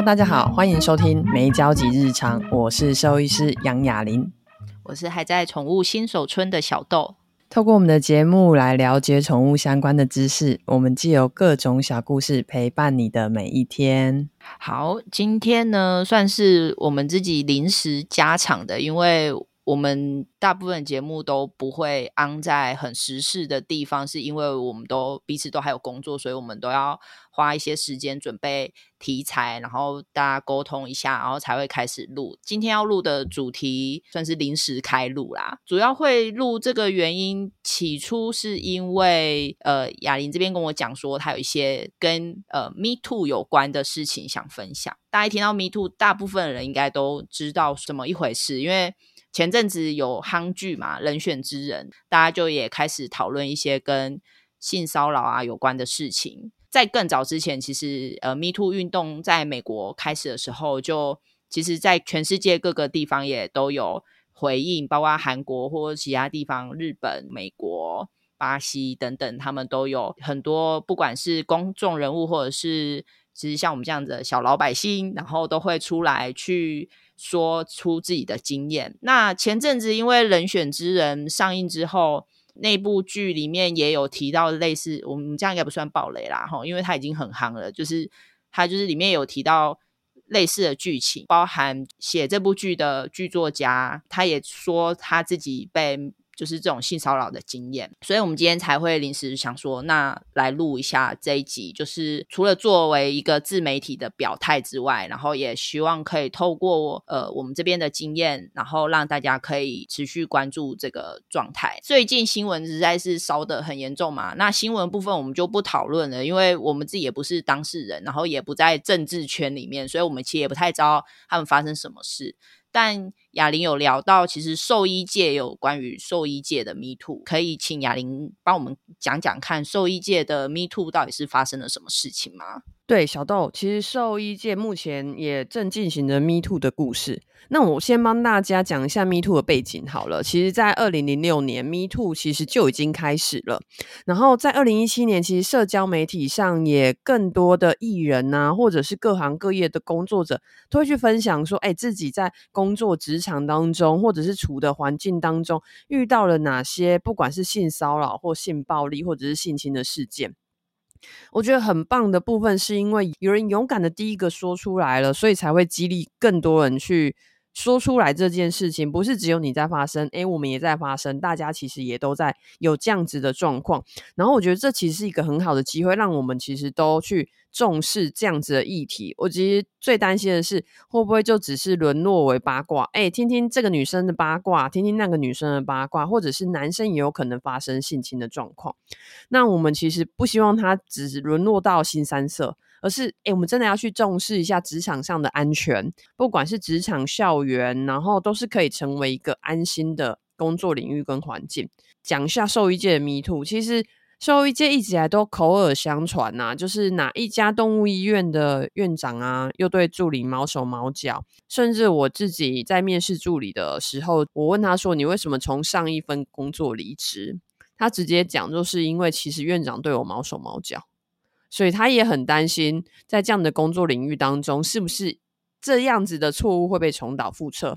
.大家好，歡迎收聽《沒交集日常》，我是獸醫師楊雅琳，我是還在寵物新手村的小豆。透過我們的節目來了解寵物相關的知識，我們既有各種小故事陪伴你的每一天。好，今天呢算是我們自己臨時加場的，因為。我們大部分節目都不會安在很時事的地方，是因為我們都彼此都還有工作，所以我們都要花一些時間準備題材，然後大家溝通一下，然後才會開始錄。今天要錄的主題算是臨時開錄啦。主要會錄這個原因，起初是因為呃雅琳這邊跟我講說，她有一些跟呃 Me Too 有關的事情想分享。大家一聽到 Me Too，大部分的人應該都知道什麼一回事，因為。前陣子有夯劇嘛，人選之人，大家就也開始討論一些跟性騷擾啊有關的事情。在更早之前，其實呃，Me Too 運動在美國開始的時候，就其實，在全世界各個地方也都有回應，包括韓國或者其他地方、日本、美國、巴西等等，他們都有很多，不管是公眾人物或者是其實像我們這樣子的小老百姓，然後都會出來去。說出自己的經驗。那前陣子，因為《人選之人》上映之後，那部劇裡面也有提到類似，我們這樣應該不算暴雷啦，哈，因為他已經很夯了。就是他就是裡面有提到類似的劇情，包含寫這部劇的劇作家，他也說他自己被。就是這種性騷擾的經驗，所以我們今天才會臨時想說，那來錄一下這一集。就是除了作為一個自媒體的表態之外，然後也希望可以透過呃我們這邊的經驗，然後讓大家可以持續關注這個狀態。最近新聞實在是燒得很嚴重嘛，那新聞部分我們就不討論了，因為我們自己也不是當事人，然後也不在政治圈裡面，所以我們其實也不太知道他們發生什麼事。但雅玲有聊到，其實獸醫界有關於獸醫界的 Me Too，可以請雅玲幫我們講講看，獸醫界的 Me Too 到底是發生了什麼事情嗎？對，小豆，其實獸醫界目前也正進行着 Me Too 的故事。那我先幫大家講一下 Me Too 的背景好了。其實在，在二零零六年，Me Too 其實就已經開始了。然後，在二零一七年，其實社交媒體上也更多的藝人吶、啊，或者是各行各業的工作者，都會去分享說，哎，自己在工作職場當中，或者是處的環境當中，遇到了哪些不管是性騷擾或性暴力，或者是性侵的事件。我覺得很棒的部分是因為有人勇敢的第一個說出來了，所以才會激勵更多人去說出來這件事情，不是只有你在發生，誒、欸、我們也在發生，大家其實也都在有這樣子的狀況。然後我覺得這其實是一個很好的機會，讓我們其實都去重視這樣子的議題。我其實最擔心的是，會不會就只是淪落為八卦？誒、欸、聽聽這個女生的八卦，聽聽那個女生的八卦，或者是男生也有可能發生性侵的狀況。那我們其實不希望他只是淪落到腥羶色。而是，誒、欸、我們真的要去重視一下職場上的安全，不管是職場、校園，然後都是可以成為一個安心的工作領域跟環境。講一下獸醫界的 MeToo，其實獸醫界一直來都口耳相傳吶、啊，就是哪一家動物醫院的院長啊，又對助理毛手毛腳。甚至我自己在面試助理的時候，我問他說：“你為什麼從上一份工作離職？”他直接講，就是因為其實院長對我毛手毛腳。所以他也很擔心，在這樣的工作領域當中，是不是這樣子的錯誤會被重蹈覆轍？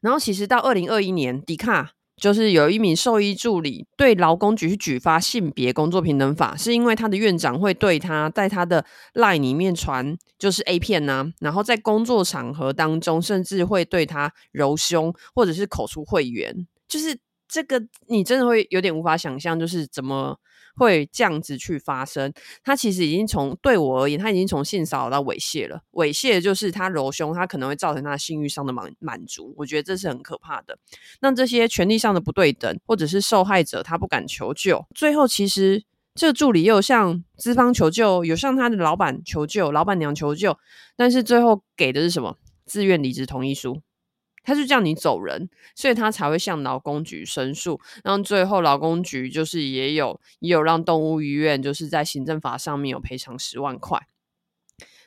然後，其實到二零二一年，Dcard 就是有一名獸醫助理對勞工局去舉發性別工作平等法，是因為他的院長會對他在他的 LINE 裡面傳就是 A 片呢、啊，然後在工作場合當中，甚至會對他揉胸或者是口出穢言，就是這個你真的會有點無法想象，就是怎麼，會這樣子去發生，他其實已經從對我而言，他已經從性騷擾到猥褻了。猥褻就是他揉胸，他可能會造成他性慾上的滿滿足。我覺得這是很可怕的。那這些權力上的不對等，或者是受害者他不敢求救，最後其實這個助理又向資方求救，有向他的老板求救、老板娘求救，但是最後給的是什麼？自願離職同意書。他就叫你走人，所以他才會向勞工局申訴。然後最後勞工局就是也有也有讓動物醫院就是在行政法上面有賠償十萬塊。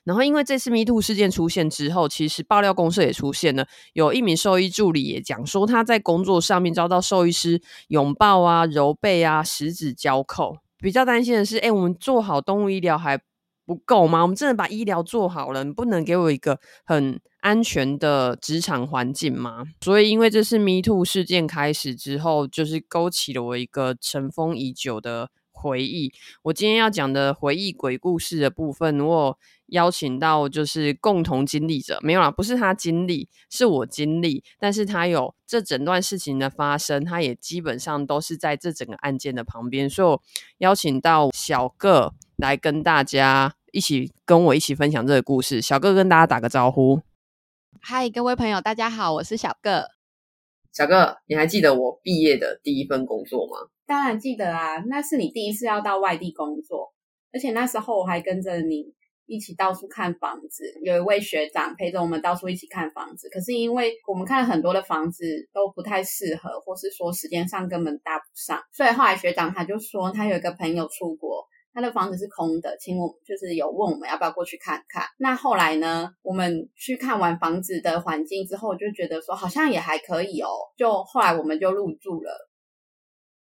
然後因為這次 MeToo 事件出現之後，其實爆料公社也出現了，有一名獸醫助理也講說他在工作上面遭到獸醫師擁抱啊、揉背啊、十指交扣。比較擔心的是，哎，我們做好動物醫療還不夠嗎？我們真的把醫療做好了，你不能給我一個很。安全的職場環境嗎？所以因為這次 Me Too 事件開始之後，就是勾起了我一個塵封已久的回憶。我今天要講的回憶鬼故事的部分，我邀請到就是共同經歷者，沒有啦，不是他經歷，是我經歷，但是他有這整段事情的發生，他也基本上都是在這整個案件的旁邊，所以我邀請到小個來跟大家一起跟我一起分享這個故事。小個跟大家打個招呼。嗨，Hi, 各位朋友，大家好，我是小個。小個，你還記得我畢業的第一份工作嗎？當然記得啊，那是你第一次要到外地工作，而且那時候我還跟着你一起到處看房子。有一位學長陪着我們到處一起看房子，可是因為我們看了很多的房子都不太適合，或是說時間上根本搭不上，所以後來學長他就說他有一個朋友出國。他的房子是空的，請我就是有問我們要不要過去看看。那後來呢，我們去看完房子的環境之後，就覺得說好像也還可以哦。就後來我們就入住了。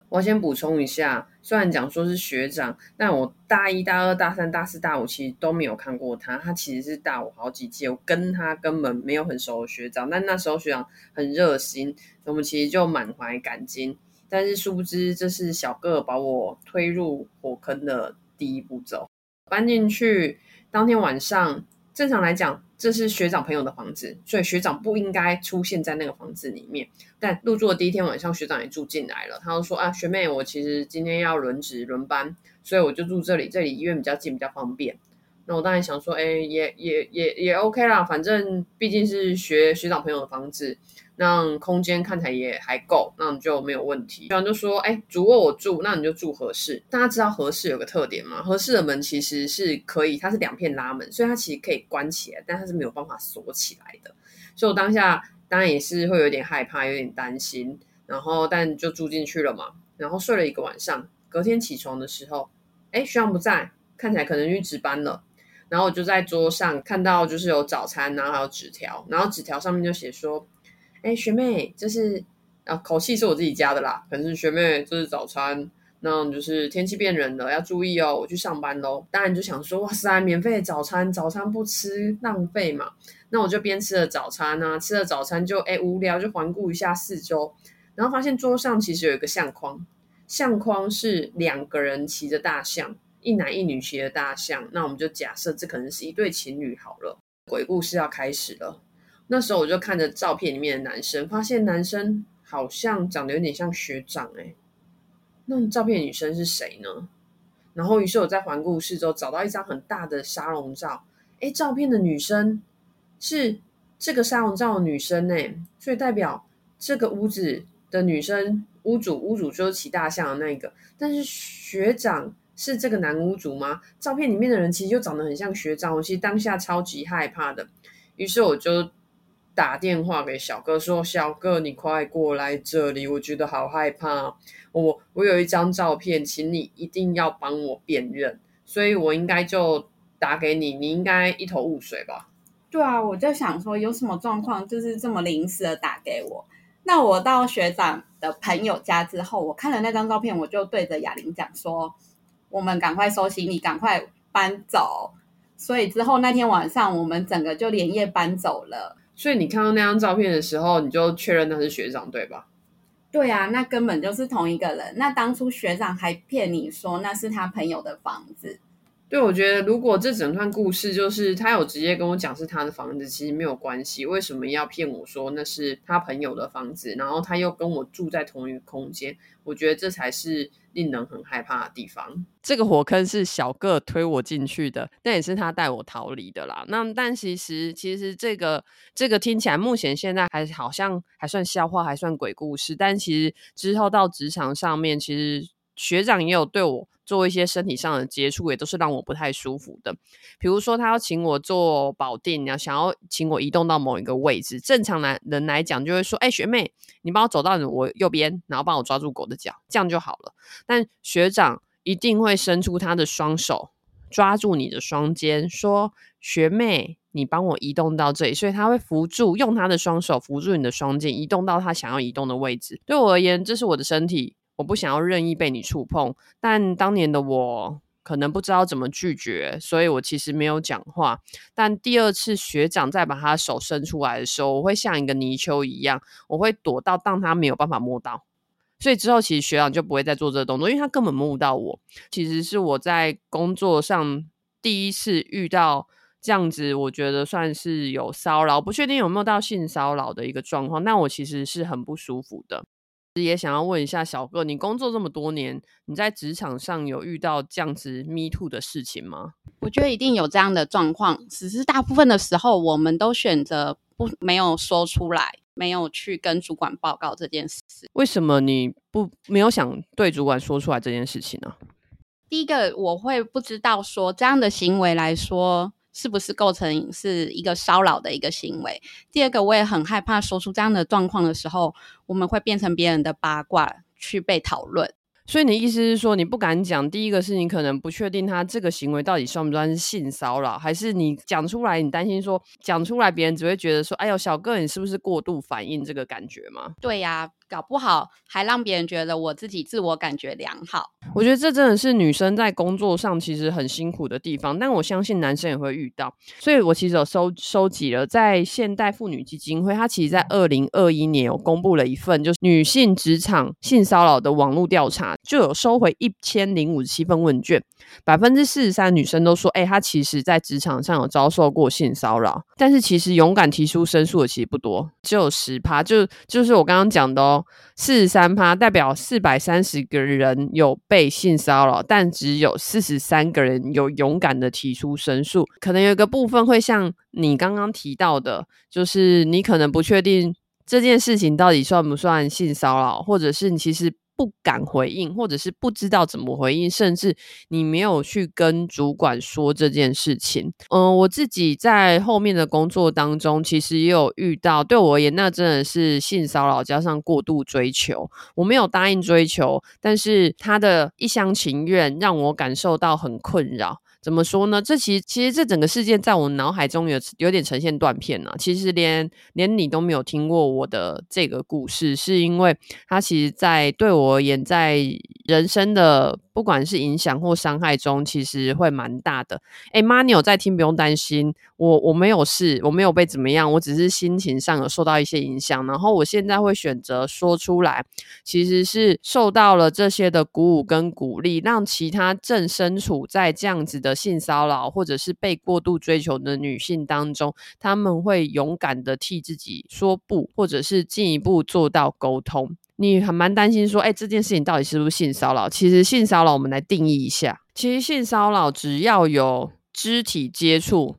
我先補充一下，雖然講說是學長，但我大一大二大三大四大五其實都沒有看過他，他其實是大我好幾屆，我跟他根本沒有很熟的學長。但那時候學長很熱心，我們其實就滿懷感激。但是殊不知，這是小個把我推入火坑的第一步驟。搬進去當天晚上，正常來講，這是學長朋友的房子，所以學長不應該出現在那個房子裡面。但入住的第一天晚上，學長也住進來了。他就說：“啊，學妹，我其實今天要輪值輪班，所以我就住這裡，這裡醫院比較近，比較方便。”那我當然想說，哎、欸，也也也也 OK 啦，反正畢竟是學學長朋友的房子，那空間看起來也還夠，那你就沒有問題。學長就說，哎、欸，主臥我，我住，那你就住和室。大家知道和室有個特點嗎？和室的門其實是可以，它是兩片拉門，所以它其實可以關起來，但它是沒有辦法鎖起來的。所以我當下當然也是會有點害怕，有點擔心，然後但就住進去了嘛，然後睡了一個晚上，隔天起床的時候，哎、欸，學長不在，看起來可能去值班了。然後我就在桌上看到，就是有早餐、啊，然後還有紙條，然後紙條上面就寫說：“哎，學妹，這是……呃、啊，口氣是我自己加的啦。反正學妹，這是早餐。那就是天氣變冷了，要注意哦。我去上班嘍。”當然就想說：“哇塞，免費的早餐，早餐不吃浪費嘛。”那我就邊吃了早餐呢、啊，吃了早餐就哎無聊，就環顧一下四周，然後發現桌上其實有一個相框，相框是兩個人騎着大象。一男一女騎的大象，那我們就假設這可能是一對情侶好了。鬼故事要開始了。那時候我就看着照片裡面的男生，發現男生好像長得有點像學長哎、欸。那照片的女生是誰呢？然後於是我在環顧四周，找到一張很大的沙龍照。哎，照片的女生是這個沙龍照的女生哎、欸，所以代表這個屋子的女生，屋主屋主就是騎大象的那個，但是學長。是這個男屋主嗎？照片裡面的人其實就長得很像學長，我其實當下超級害怕的。於是我就打電話給小哥說：“小哥，你快過來這裡，我覺得好害怕。我我有一張照片，請你一定要幫我辨認。所以，我應該就打給你，你應該一頭霧水吧？”“對啊，我就想說有什麼狀況，就是這麼臨時的打給我。那我到學長的朋友家之後，我看了那張照片，我就對着雅玲講說。”我們趕快收行李，趕快搬走。所以之後那天晚上，我們整個就連夜搬走了。所以你看到那張照片的時候，你就確認那是學長，對吧？對啊，那根本就是同一個人。那當初學長還騙你說那是他朋友的房子。對，我覺得如果這整段故事就是他有直接跟我講是他的房子，其實沒有關係，為什麼要騙我說那是他朋友的房子？然後他又跟我住在同一個空間，我覺得這才是令人很害怕的地方。這個火坑是小個推我進去的，但也是他帶我逃離的啦。那但其實其實這個這個聽起來目前現在還好像還算消化，還算鬼故事，但其實之後到職場上面其實。學長也有對我做一些身體上的接觸，也都是讓我不太舒服的。比如說，他要請我做保定，然後想要請我移動到某一個位置。正常來人來講，就會說：“哎，學妹，你幫我走到你我右邊，然後幫我抓住狗的腳，這樣就好了。”但學長一定會伸出他的雙手，抓住你的雙肩，說：“學妹，你幫我移動到這裡。”所以他會扶住，用他的雙手扶住你的雙肩，移動到他想要移動的位置。對我而言，這是我的身體。我不想要任意被你觸碰，但當年的我可能不知道怎麼拒絕，所以我其實沒有講話。但第二次學長再把他手伸出來的時候，我會像一個泥鰍一樣，我會躲到，當他沒有辦法摸到。所以之後其實學長就不會再做這個動作，因為他根本摸不到我。其實是我在工作上第一次遇到這樣子，我覺得算是有騷擾，不確定有沒有到性騷擾的一個狀況。那我其實是很不舒服的。也想要問一下小哥，你工作這麼多年，你在職場上有遇到這樣子 me too 的事情嗎？我覺得一定有這樣的狀況，只是大部分的時候，我們都選擇不沒有說出來，沒有去跟主管報告這件事。為什麼你不沒有想對主管說出來這件事情呢啊？第一個，我會不知道說這樣的行為來說。是不是構成是一個騷擾的一個行為？第二個，我也很害怕說出這樣的狀況的時候，我們會變成別人的八卦去被討論。所以你的意思是說，你不敢講？第一個是你可能不確定他這個行為到底算不算是性騷擾，還是你講出來，你擔心說講出來別人只會覺得說，哎呦，小哥你是不是過度反應這個感覺嘛？對呀、啊。搞不好還讓別人覺得我自己自我感覺良好。我覺得這真的是女生在工作上其實很辛苦的地方，但我相信男生也會遇到。所以我其實有收收集了，在現代婦女基金會，它其實在二零二一年有公布了一份，就是女性職場性騷擾的網絡調查，就有收回一千零五十七份問卷，百分之四十三女生都說，哎、欸，她其實在職場上有遭受過性騷擾，但是其實勇敢提出申訴的其實不多，只有十趴，就就是我剛剛講的哦。四十三趴代表四百三十個人有被性騷擾，但只有四十三個人有勇敢的提出申訴。可能有一個部分會像你剛剛提到的，就是你可能不確定這件事情到底算不算性騷擾，或者是你其實。不敢回應，或者是不知道怎麼回應，甚至你沒有去跟主管說這件事情。嗯，我自己在後面的工作當中，其實也有遇到。對我而言，那真的是性騷擾加上過度追求。我沒有答應追求，但是他的一廂情願讓我感受到很困擾。怎麼說呢？這其實，其實這整個事件在我腦海中有有點呈現斷片了，啊。其實連連你都沒有聽過我的這個故事，是因為它其實在，在對我而言，在人生的，不管是影響或傷害中，其實會蠻大的。哎、欸，媽，你有在聽？不用擔心，我我沒有事，我沒有被怎麼樣，我只是心情上有受到一些影響。然後我現在會選擇說出來，其實是受到了這些的鼓舞跟鼓勵，讓其他正身處在這樣子的性騷擾或者是被過度追求的女性當中，他們會勇敢的替自己說不，或者是進一步做到溝通。你還蠻擔心說，哎、欸，這件事情到底是不是性騷擾？其實性騷擾，我們來定義一下。其實性騷擾只要有肢體接觸，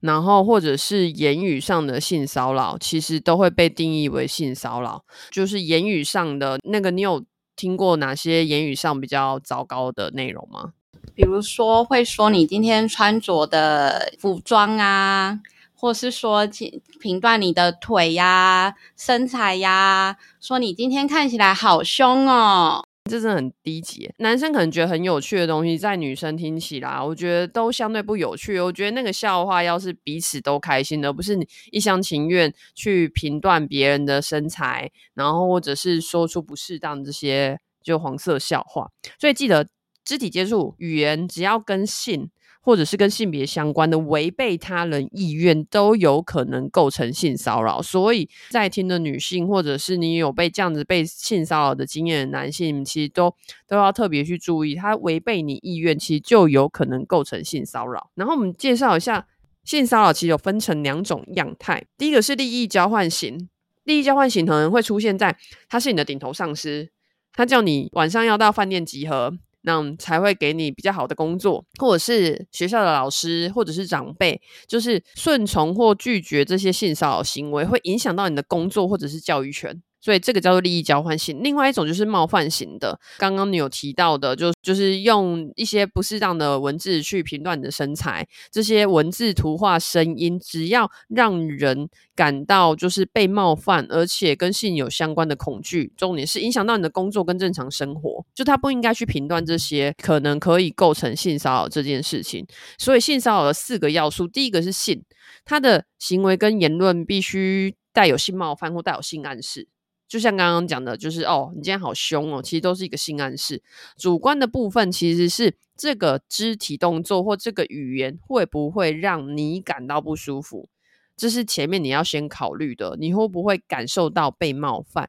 然後或者是言語上的性騷擾，其實都會被定義為性騷擾。就是言語上的那個，你有聽過哪些言語上比較糟糕的內容嗎？比如說，會說你今天穿着的服裝啊。或是說評斷你的腿呀、啊、身材呀、啊，說你今天看起來好凶哦，這是很低級。男生可能覺得很有趣的東西，在女生聽起來，我覺得都相對不有趣。我覺得那個笑話要是彼此都開心的，而不是你一廂情願去評斷別人的身材，然後或者是說出不適當的這些就黃色笑話。所以記得，肢體接觸、語言，只要跟性。或者是跟性別相關的違背他人意願，都有可能構成性騷擾，所以在聽的女性，或者是你有被這樣子被性騷擾的經驗的男性，其實都都要特別去注意，他違背你意願，其實就有可能構成性騷擾。然後我們介紹一下，性騷擾其實有分成兩種樣態，第一個是利益交換型，利益交換型可能會出現在他是你的頂頭上司，他叫你晚上要到飯店集合。那才會給你比較好的工作，或者是學校的老師，或者是長輩，就是順從或拒絕這些性騷擾行為，會影響到你的工作或者是教育權。所以這個叫做利益交換型，另外一種就是冒犯型的。剛剛你有提到的，就是、就是用一些不適當的文字去評斷你的身材，這些文字、圖畫、聲音，只要讓人感到就是被冒犯，而且跟性有相關的恐懼，重點是影響到你的工作跟正常生活，就他不應該去評斷這些可能可以構成性騷擾這件事情。所以性騷擾的四個要素，第一個是性，他的行為跟言論必須帶有性冒犯或帶有性暗示。就像剛剛講的，就是哦，你今天好凶哦，其實都是一個性暗示。主觀的部分其實是這個肢體動作或這個語言會不會讓你感到不舒服，這是前面你要先考慮的，你會不會感受到被冒犯？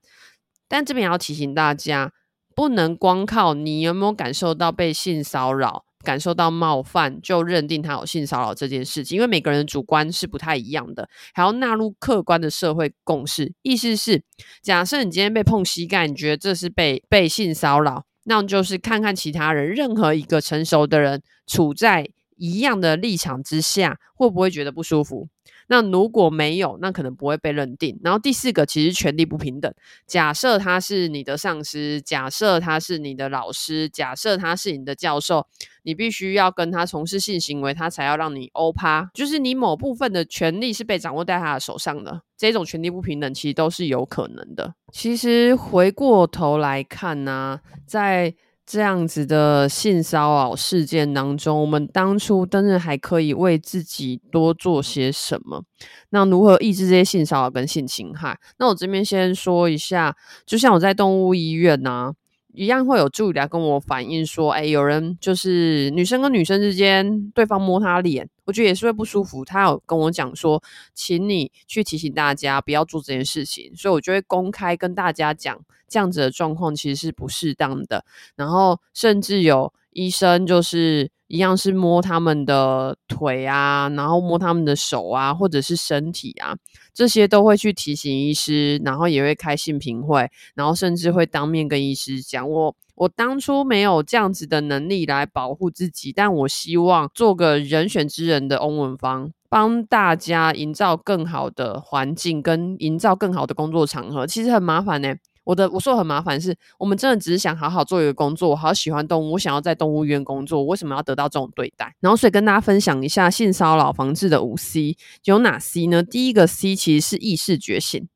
但這邊要提醒大家，不能光靠你有沒有感受到被性騷擾。感受到冒犯就認定他有性騷擾這件事情，因為每個人的主觀是不太一樣的，還要納入客觀的社會共識。意思是，假設你今天被碰膝蓋，你覺得這是被被性騷擾，那就是看看其他人，任何一個成熟的人處在。一樣的立場之下，會不會覺得不舒服？那如果沒有，那可能不會被認定。然後第四個，其實權力不平等。假設他是你的上司，假設他是你的老師，假設他是你的教授，你必須要跟他從事性行為，他才要讓你歐趴，就是你某部分的權利是被掌握在他的手上的。這種權力不平等，其實都是有可能的。其實回過頭來看呢、啊，在這樣子的性騷擾事件當中，我們當初真的還可以為自己多做些什麼？那如何抑制這些性騷擾跟性侵害？那我這邊先說一下，就像我在動物醫院吶、啊。一樣會有助理來跟我反映說，誒，有人就是女生跟女生之間，對方摸她臉，我覺得也是會不舒服。他有跟我講說，請你去提醒大家不要做這件事情。所以我就會公開跟大家講，這樣子的狀況其實是不適當的。然後甚至有醫生就是。一樣是摸他們的腿啊，然後摸他們的手啊，或者是身體啊，這些都會去提醒醫師，然後也會開性平會，然後甚至會當面跟醫師講：我我當初沒有這樣子的能力來保護自己，但我希望做個人選之人的翁文方，幫大家營造更好的環境跟營造更好的工作場合，其實很麻煩呢、欸。我的我說的很麻煩是，是我們真的只是想好好做一個工作。我好喜歡動物，我想要在動物園工作，為什麼要得到這種對待？然後所以跟大家分享一下性騷擾防治的五 C 有哪 C 呢？第一個 C 其實是意識覺醒，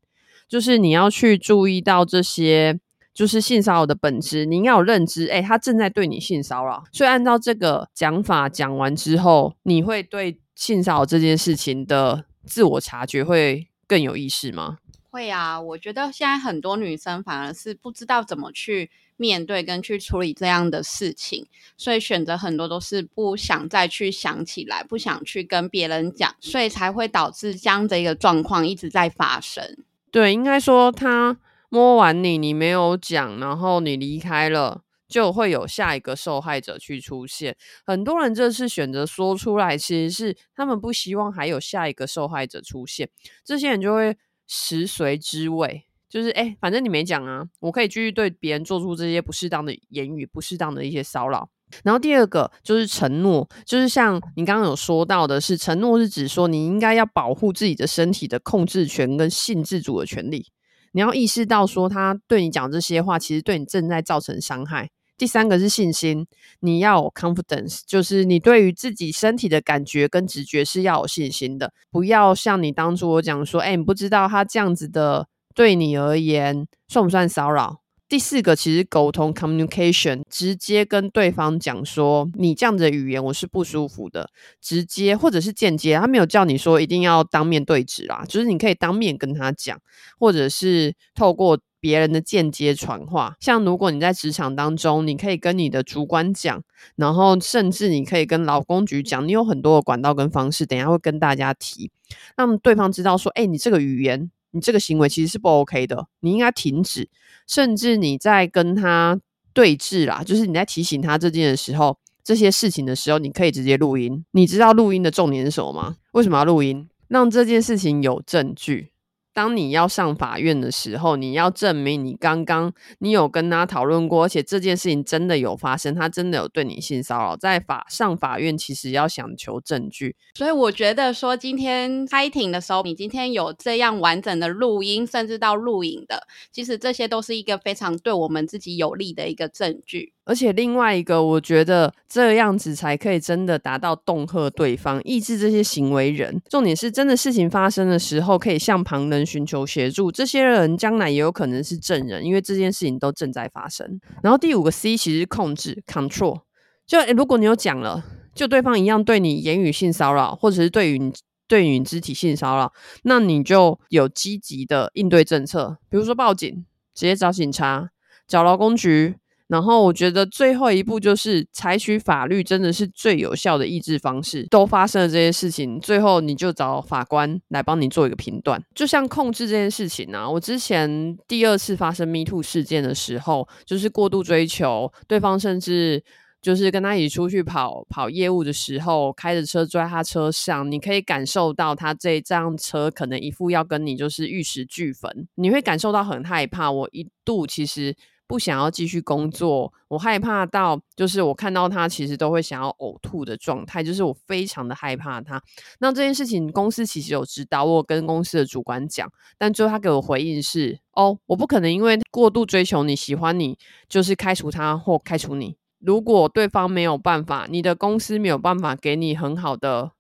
就是你要去注意到這些，就是性騷擾的本質，你要有認知，誒、欸，他正在對你性騷擾。所以按照這個講法講完之後，你會對性騷擾這件事情的自我察覺會更有意識嗎？會啊，我覺得現在很多女生反而是不知道怎麼去面對跟去處理這樣的事情，所以選擇很多都是不想再去想起來，不想去跟別人講，所以才會導致這樣的一個狀況一直在發生。對，應該說他摸完你，你沒有講，然後你離開了，就會有下一個受害者去出現。很多人這次選擇說出來，其實是他們不希望還有下一個受害者出現，這些人就會。食髓知味，就是哎，反正你沒講啊，我可以繼續對別人做出這些不適當的言語、不適當的一些騷擾。然後第二個就是承諾，就是像你剛剛有說到的是，是承諾是指說你應該要保護自己的身體的控制權跟性自主的權利。你要意識到說他對你講這些話，其實對你正在造成傷害。第三個是信心，你要有 confidence，就是你對於自己身體的感覺跟直覺是要有信心的，不要像你當初我講說，哎，你不知道他這樣子的對你而言算不算騷擾？第四個其實溝通 communication，直接跟對方講說，你這樣子的語言我是不舒服的，直接或者是間接，他沒有叫你說一定要當面對質啦，就是你可以當面跟他講，或者是透過。別人的間接傳話，像如果你在職場當中，你可以跟你的主管講，然後甚至你可以跟勞工局講，你有很多的管道跟方式。等一下會跟大家提，讓對方知道說，哎、欸，你這個語言，你這個行為其實是不 OK 的，你應該停止。甚至你在跟他對峙啦，就是你在提醒他這件事的時候，這些事情的時候，你可以直接錄音。你知道錄音的重點是什麼嗎？為什麼要錄音？讓這件事情有證據。當你要上法院的時候，你要證明你剛剛你有跟他討論過，而且這件事情真的有發生，他真的有對你性騷擾。在法上法院其實要想求證據，所以我覺得說今天開庭的時候，你今天有這樣完整的錄音，甚至到錄影的，其實這些都是一個非常對我們自己有利的一個證據。而且另外一個，我覺得這樣子才可以真的達到恫嚇對方，抑制這些行為人。重點是真的事情發生的時候，可以向旁人尋求協助。這些人將來也有可能是證人，因為這件事情都正在發生。然後第五個 C 其實是控制 （control），就誒如果你有講了，就對方一樣對你言語性騷擾，或者是對於你對你肢體性騷擾，那你就有積極的應對政策，比如說報警，直接找警察，找勞工局。然後我覺得最後一步就是採取法律，真的是最有效的抑制方式。都發生了這些事情，最後你就找法官來幫你做一個評斷。就像控制這件事情啊，我之前第二次發生 MeToo 事件的時候，就是過度追求對方，甚至就是跟他一起出去跑跑業務的時候，開着車追他車上，你可以感受到他這輛車可能一副要跟你就是玉石俱焚，你會感受到很害怕。我一度其實。不想要繼續工作，我害怕到就是我看到他其實都會想要嘔吐的狀態，就是我非常的害怕他。那這件事情公司其實有知道，我跟公司的主管講，但最後他給我回應是：哦，我不可能因為過度追求你喜歡你，就是開除他或開除你。如果對方沒有辦法，你的公司沒有辦法給你很好的。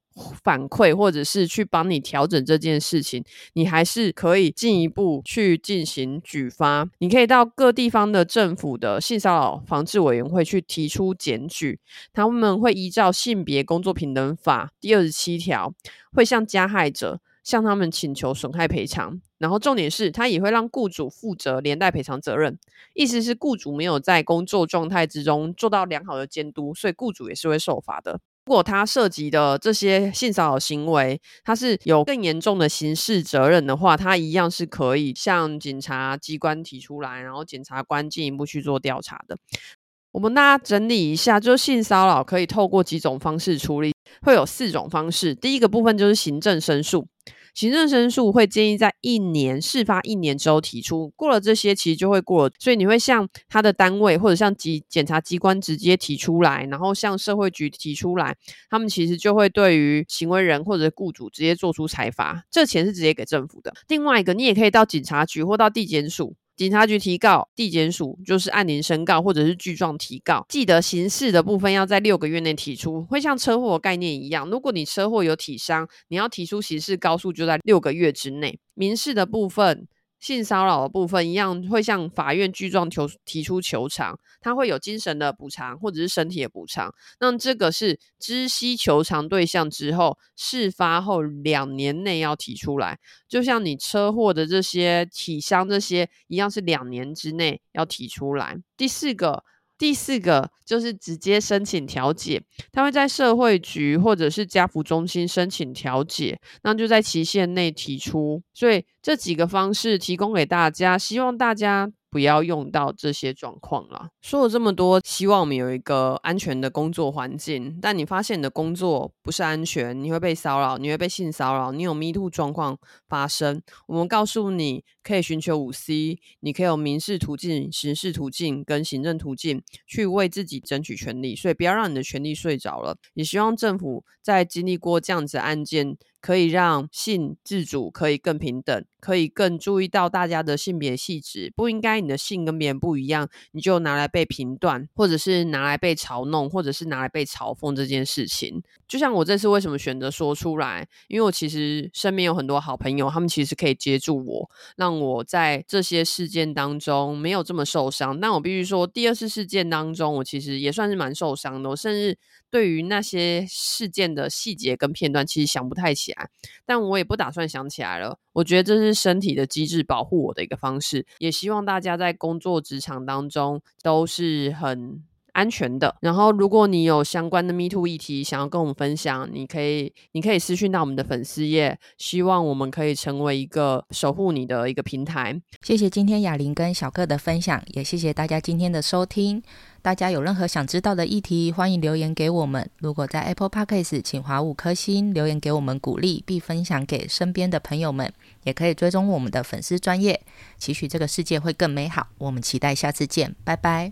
反饋，或者是去幫你調整這件事情，你還是可以進一步去進行舉發。你可以到各地方的政府的性騷擾防治委員會去提出檢舉，他們會依照性別工作平等法第二十七條，會向加害者向他們請求損害賠償。然後重點是，他也會讓雇主負責連帶賠償責任，意思是雇主沒有在工作狀態之中做到良好的監督，所以雇主也是會受罰的。如果他涉及的這些性騷擾行為，他是有更嚴重的刑事責任的話，他一樣是可以向警察機關提出來，然後檢察官進一步去做調查的。我們大家整理一下，就是性騷擾可以透過幾種方式處理，會有四種方式。第一個部分就是行政申訴。行政申訴會建議在一年事發一年之後提出，過了這些其實就會過了，所以你會向他的單位或者向檢察機關直接提出來，然後向社會局提出來，他們其實就會對於行為人或者雇主直接做出裁罰，這錢是直接給政府的。另外一個，你也可以到警察局或到地檢署。警察局提告，地檢署就是按鈴申告，或者是具狀提告。記得刑事的部分要在六個月內提出，會像車禍的概念一樣，如果你車禍有體傷，你要提出刑事告訴就在六個月之內。民事的部分。性騷擾的部分一樣會向法院具狀求提出求償，他會有精神的補償或者是身體的補償。那這個是知悉求償對象之後，事發後兩年內要提出來。就像你車禍的這些體傷這些一樣，是兩年之內要提出來。第四個。第四個就是直接申請調解，他會在社會局或者是家扶中心申請調解，那就在期限內提出。所以這幾個方式提供給大家，希望大家。不要用到這些狀況了。說了這麼多，希望我們有一個安全的工作環境。但你發現你的工作不是安全，你會被騷擾，你會被性騷擾，你有 MeToo 狀況發生，我們告訴你可以尋求 5C，你可以有民事途徑、刑事途徑跟行政途徑去為自己爭取權利。所以不要讓你的權利睡着了。也希望政府在經歷過這樣子的案件。可以讓性自主可以更平等，可以更注意到大家的性別氣質。不應該你的性跟別人不一樣，你就拿來被評斷，或者是拿來被嘲弄，或者是拿來被嘲諷這件事情。就像我這次為什麼選擇說出來，因為我其實身邊有很多好朋友，他們其實可以接住我，讓我在這些事件當中沒有這麼受傷。但我必須說，第二次事件當中，我其實也算是蠻受傷的。我甚至對於那些事件的細節跟片段，其實想不太起。但我也不打算想起來了，我覺得這是身體的機制保護我的一個方式，也希望大家在工作職場當中都是很，安全的。然後，如果你有相關的 MeToo 議題想要跟我們分享，你可以，你可以私訊到我們的粉絲頁，希望我們可以成為一個守護你的一個平台。謝謝今天雅玲跟小哥的分享，也謝謝大家今天的收聽。大家有任何想知道的議題，歡迎留言給我們。如果在 Apple Podcast，請劃五顆星留言給我們鼓勵，並分享給身邊的朋友們。也可以追蹤我們的粉絲專業，期許這個世界會更美好。我們期待下次見，拜拜。